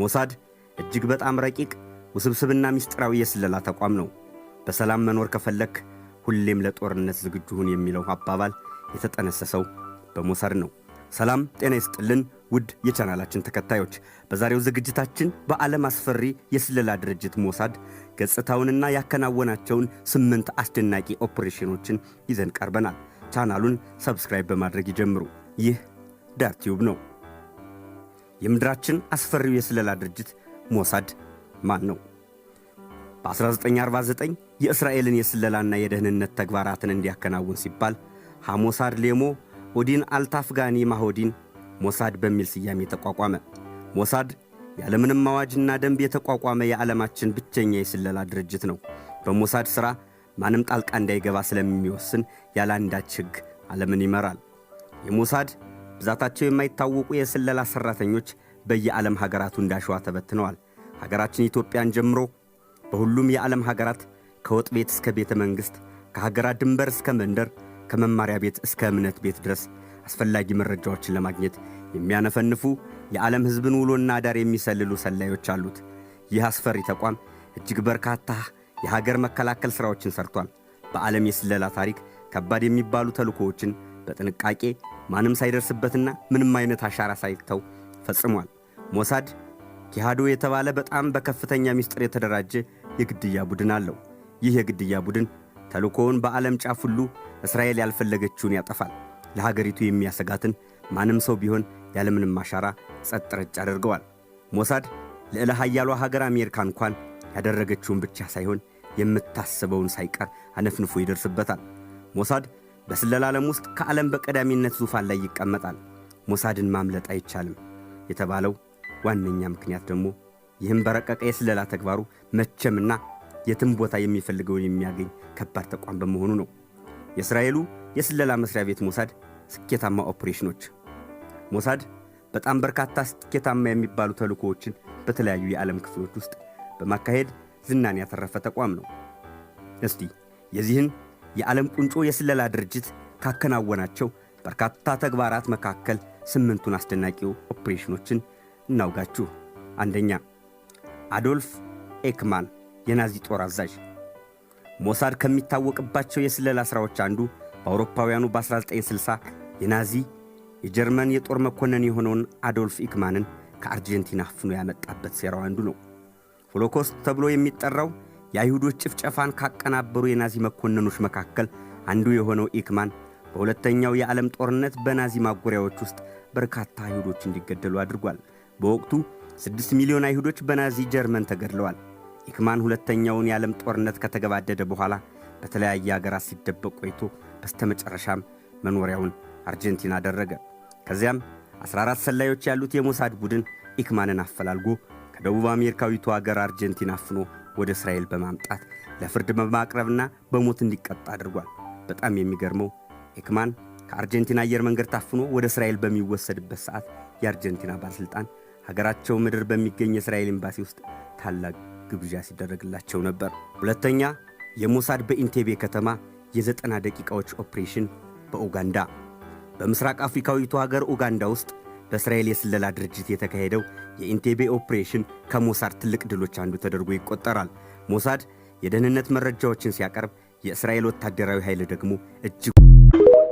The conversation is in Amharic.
ሞሳድ እጅግ በጣም ረቂቅ ውስብስብና ምስጢራዊ የስለላ ተቋም ነው። በሰላም መኖር ከፈለክ ሁሌም ለጦርነት ዝግጁ ሁን የሚለው አባባል የተጠነሰሰው በሞሳድ ነው። ሰላም ጤና ይስጥልን ውድ የቻናላችን ተከታዮች፣ በዛሬው ዝግጅታችን በዓለም አስፈሪ የስለላ ድርጅት ሞሳድ ገጽታውንና ያከናወናቸውን ስምንት አስደናቂ ኦፕሬሽኖችን ይዘን ቀርበናል። ቻናሉን ሰብስክራይብ በማድረግ ይጀምሩ። ይህ ዳርቲዩብ ነው። የምድራችን አስፈሪው የስለላ ድርጅት ሞሳድ ማን ነው? በ1949 የእስራኤልን የስለላና የደህንነት ተግባራትን እንዲያከናውን ሲባል ሐሞሳድ ሌሞ ኦዲን አልታፍጋኒ ማሆዲን ሞሳድ በሚል ስያሜ ተቋቋመ። ሞሳድ ያለምንም አዋጅና ደንብ የተቋቋመ የዓለማችን ብቸኛ የስለላ ድርጅት ነው። በሞሳድ ሥራ ማንም ጣልቃ እንዳይገባ ስለሚወስን ያለ አንዳች ሕግ ዓለምን ይመራል። የሞሳድ ብዛታቸው የማይታወቁ የስለላ ሠራተኞች በየዓለም ሀገራቱ እንዳሸዋ ተበትነዋል። ሀገራችን ኢትዮጵያን ጀምሮ በሁሉም የዓለም ሀገራት ከወጥ ቤት እስከ ቤተ መንግሥት፣ ከሀገራት ድንበር እስከ መንደር፣ ከመማሪያ ቤት እስከ እምነት ቤት ድረስ አስፈላጊ መረጃዎችን ለማግኘት የሚያነፈንፉ የዓለም ሕዝብን ውሎና አዳር የሚሰልሉ ሰላዮች አሉት። ይህ አስፈሪ ተቋም እጅግ በርካታ የሀገር መከላከል ሥራዎችን ሠርቷል። በዓለም የስለላ ታሪክ ከባድ የሚባሉ ተልእኮዎችን በጥንቃቄ ማንም ሳይደርስበትና ምንም አይነት አሻራ ሳይተው ፈጽሟል። ሞሳድ ኪሃዶ የተባለ በጣም በከፍተኛ ምስጢር የተደራጀ የግድያ ቡድን አለው። ይህ የግድያ ቡድን ተልእኮውን በዓለም ጫፍ ሁሉ እስራኤል ያልፈለገችውን ያጠፋል። ለሀገሪቱ የሚያሰጋትን ማንም ሰው ቢሆን ያለምንም አሻራ ጸጥ ረጭ አድርገዋል። ሞሳድ ልዕለ ኃያሏ ሀገር አሜሪካ እንኳን ያደረገችውን ብቻ ሳይሆን የምታስበውን ሳይቀር አነፍንፎ ይደርስበታል። ሞሳድ በስለላ ዓለም ውስጥ ከዓለም በቀዳሚነት ዙፋን ላይ ይቀመጣል። ሞሳድን ማምለጥ አይቻልም የተባለው ዋነኛ ምክንያት ደግሞ ይህም በረቀቀ የስለላ ተግባሩ መቼምና የትም ቦታ የሚፈልገውን የሚያገኝ ከባድ ተቋም በመሆኑ ነው። የእስራኤሉ የስለላ መስሪያ ቤት ሞሳድ ስኬታማ ኦፕሬሽኖች ሞሳድ በጣም በርካታ ስኬታማ የሚባሉ ተልእኮዎችን በተለያዩ የዓለም ክፍሎች ውስጥ በማካሄድ ዝናን ያተረፈ ተቋም ነው። እስቲ የዚህን የዓለም ቁንጮ የስለላ ድርጅት ካከናወናቸው በርካታ ተግባራት መካከል ስምንቱን አስደናቂ ኦፕሬሽኖችን እናውጋችሁ። አንደኛ፣ አዶልፍ ኤክማን የናዚ ጦር አዛዥ። ሞሳድ ከሚታወቅባቸው የስለላ ሥራዎች አንዱ በአውሮፓውያኑ በ1960 የናዚ የጀርመን የጦር መኮንን የሆነውን አዶልፍ ኢክማንን ከአርጀንቲና አፍኖ ያመጣበት ሴራው አንዱ ነው። ሆሎኮስት ተብሎ የሚጠራው የአይሁዶች ጭፍጨፋን ካቀናበሩ የናዚ መኮንኖች መካከል አንዱ የሆነው ኢክማን በሁለተኛው የዓለም ጦርነት በናዚ ማጎሪያዎች ውስጥ በርካታ አይሁዶች እንዲገደሉ አድርጓል። በወቅቱ ስድስት ሚሊዮን አይሁዶች በናዚ ጀርመን ተገድለዋል። ኢክማን ሁለተኛውን የዓለም ጦርነት ከተገባደደ በኋላ በተለያየ አገራት ሲደበቅ ቆይቶ በስተመጨረሻም መኖሪያውን አርጀንቲና አደረገ። ከዚያም 14 ሰላዮች ያሉት የሞሳድ ቡድን ኢክማንን አፈላልጎ ከደቡብ አሜሪካዊቱ አገር አርጀንቲና አፍኖ ወደ እስራኤል በማምጣት ለፍርድ በማቅረብና በሞት እንዲቀጣ አድርጓል። በጣም የሚገርመው ኤክማን ከአርጀንቲና አየር መንገድ ታፍኖ ወደ እስራኤል በሚወሰድበት ሰዓት የአርጀንቲና ባለሥልጣን ሀገራቸው ምድር በሚገኝ የእስራኤል ኤምባሲ ውስጥ ታላቅ ግብዣ ሲደረግላቸው ነበር። ሁለተኛ የሞሳድ በኢንቴቤ ከተማ የዘጠና ደቂቃዎች ኦፕሬሽን በኡጋንዳ በምስራቅ አፍሪካዊቱ ሀገር ኡጋንዳ ውስጥ በእስራኤል የስለላ ድርጅት የተካሄደው የኢንቴቤ ኦፕሬሽን ከሞሳድ ትልቅ ድሎች አንዱ ተደርጎ ይቆጠራል። ሞሳድ የደህንነት መረጃዎችን ሲያቀርብ፣ የእስራኤል ወታደራዊ ኃይል ደግሞ እጅግ